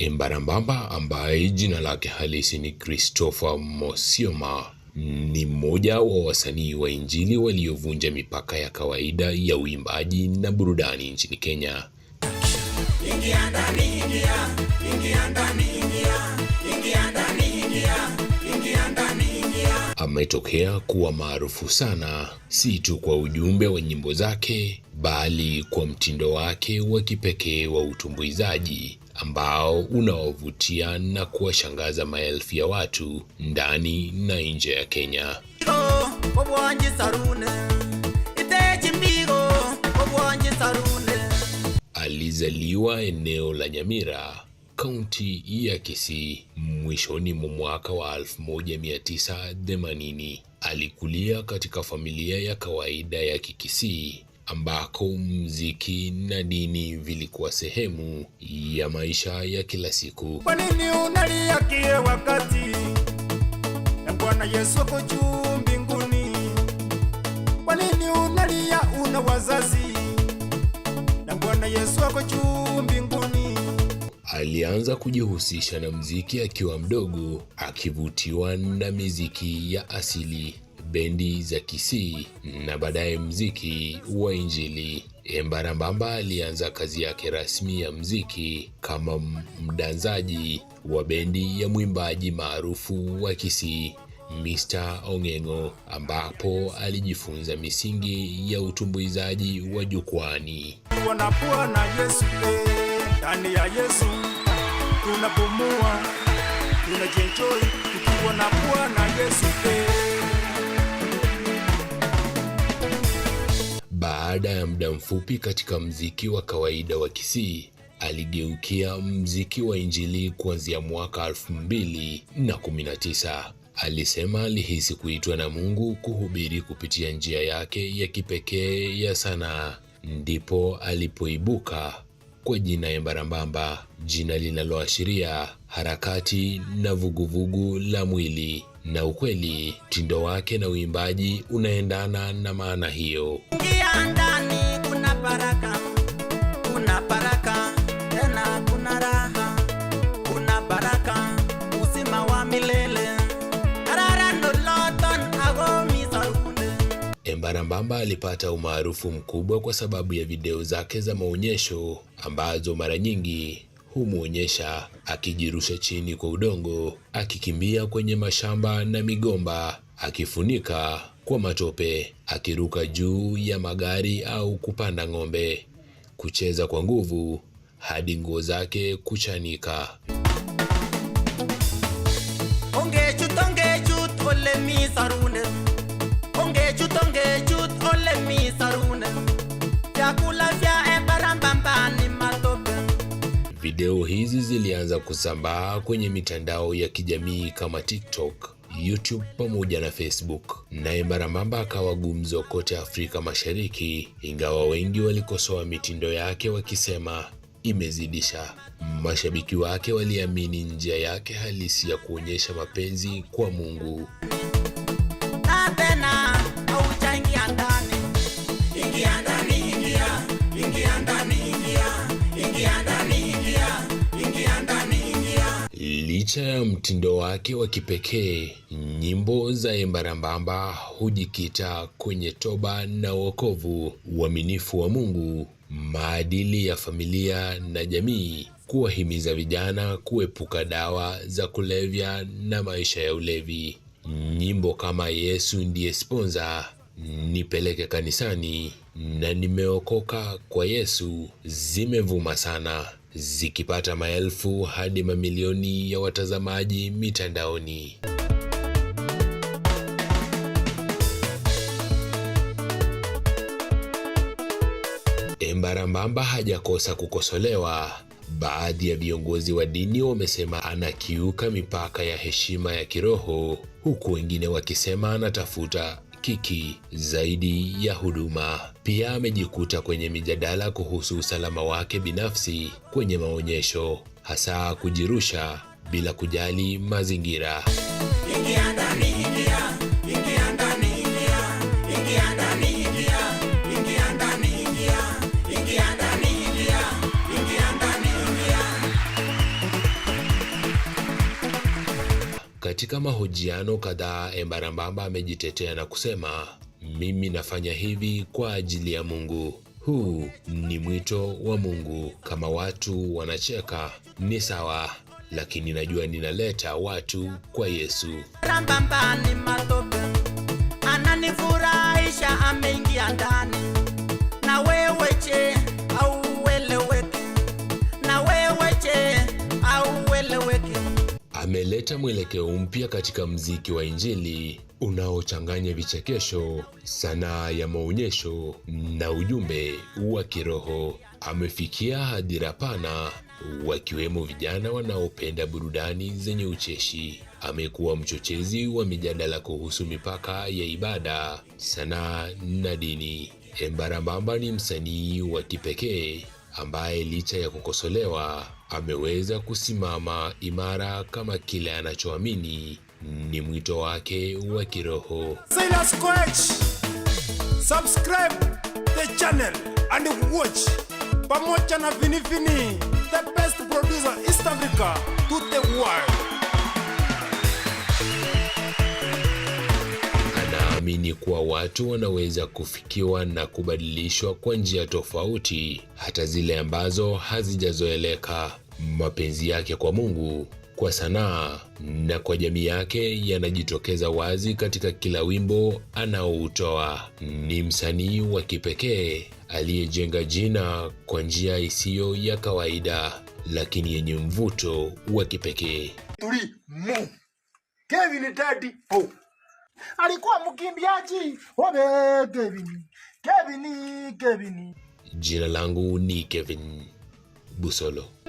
Embarambamba ambaye jina lake halisi ni Christopher Mosioma ni mmoja wa wasanii wa injili waliovunja mipaka ya kawaida ya uimbaji na burudani nchini Kenya. Ingia ndani, ingia, ingia ndani, Ametokea kuwa maarufu sana, si tu kwa ujumbe wa nyimbo zake, bali kwa mtindo wake wa kipekee wa utumbuizaji ambao unawavutia na kuwashangaza maelfu ya watu ndani na nje ya Kenya. Alizaliwa eneo la Nyamira, kaunti ya Kisii mwishoni mwa mwaka wa 1980. Alikulia katika familia ya kawaida ya Kikisii ambako mziki na dini vilikuwa sehemu ya maisha ya kila siku. Kwa nini unalia wakati na Bwana Yesu ako juu mbinguni? Kwa nini unalia una wazazi na Bwana Yesu ako juu mbinguni? Alianza kujihusisha na mziki akiwa mdogo, akivutiwa na miziki ya asili bendi za kisii na baadaye mziki wa Injili. Embarambamba alianza kazi yake rasmi ya mziki kama mdanzaji wa bendi ya mwimbaji maarufu wa kisii Mr. Ong'eng'o ambapo alijifunza misingi ya utumbuizaji wa jukwani. na Yesu, e, ndani ya Yesu tunapumua, tukiwa na Bwana Yesu. E. Baada ya muda mfupi katika mziki wa kawaida wa Kisii, aligeukia mziki wa injili kuanzia mwaka 2019. Alisema alihisi kuitwa na Mungu kuhubiri kupitia njia yake ya kipekee ya sanaa. Ndipo alipoibuka kwa jina ya mbarambamba jina linaloashiria harakati na vuguvugu vugu la mwili na ukweli. Mtindo wake na uimbaji unaendana na maana hiyo baraka tena kuna raha, kuna baraka uzima wa milele alipata umaarufu mkubwa kwa sababu ya video zake za maonyesho ambazo mara nyingi humwonyesha akijirusha chini kwa udongo, akikimbia kwenye mashamba na migomba, akifunika kwa matope, akiruka juu ya magari au kupanda ng'ombe kucheza kwa nguvu hadi nguo zake kuchanika. Video hizi zilianza kusambaa kwenye mitandao ya kijamii kama TikTok YouTube pamoja na Facebook. Naye Maramamba akawa gumzo kote Afrika Mashariki, ingawa wengi walikosoa mitindo yake wakisema imezidisha. Mashabiki wake waliamini njia yake halisi ya kuonyesha mapenzi kwa Mungu. Licha ya mtindo wake wa kipekee, nyimbo za Embarambamba hujikita kwenye toba na wokovu, uaminifu wa Mungu, maadili ya familia na jamii, kuwahimiza vijana kuepuka dawa za kulevya na maisha ya ulevi. Nyimbo kama Yesu ndiye sponza, Nipeleke kanisani na Nimeokoka kwa Yesu zimevuma sana zikipata maelfu hadi mamilioni ya watazamaji mitandaoni. Embarambamba hajakosa kukosolewa. Baadhi ya viongozi wa dini wamesema anakiuka mipaka ya heshima ya kiroho, huku wengine wakisema anatafuta kiki zaidi ya huduma. Pia amejikuta kwenye mijadala kuhusu usalama wake binafsi kwenye maonyesho, hasa kujirusha bila kujali mazingira. Katika mahojiano kadhaa, Embarambamba amejitetea na kusema, mimi nafanya hivi kwa ajili ya Mungu. Huu ni mwito wa Mungu. Kama watu wanacheka ni sawa, lakini najua ninaleta watu kwa Yesu. Rambamba, kuleta mwelekeo mpya katika mziki wa Injili unaochanganya vichekesho, sanaa ya maonyesho na ujumbe wa kiroho. Amefikia hadhira pana, wakiwemo vijana wanaopenda burudani zenye ucheshi. Amekuwa mchochezi wa mijadala kuhusu mipaka ya ibada, sanaa na dini. Embarambamba ni msanii wa kipekee ambaye licha ya kukosolewa ameweza kusimama imara kama kile anachoamini ni mwito wake wa kiroho. Silas Koech, subscribe the channel and watch pamoja na Vinivini, the best producer East Africa to the world. aliamini kuwa watu wanaweza kufikiwa na kubadilishwa kwa njia tofauti, hata zile ambazo hazijazoeleka. Mapenzi yake kwa Mungu, kwa sanaa na kwa jamii yake yanajitokeza wazi katika kila wimbo anaoutoa. Ni msanii wa kipekee aliyejenga jina kwa njia isiyo ya kawaida, lakini yenye mvuto wa kipekee. Kevin Daddy alikuwa mkimbiaji obe Kevin, Kevin, Kevin. Jina langu ni Kevin Busolo.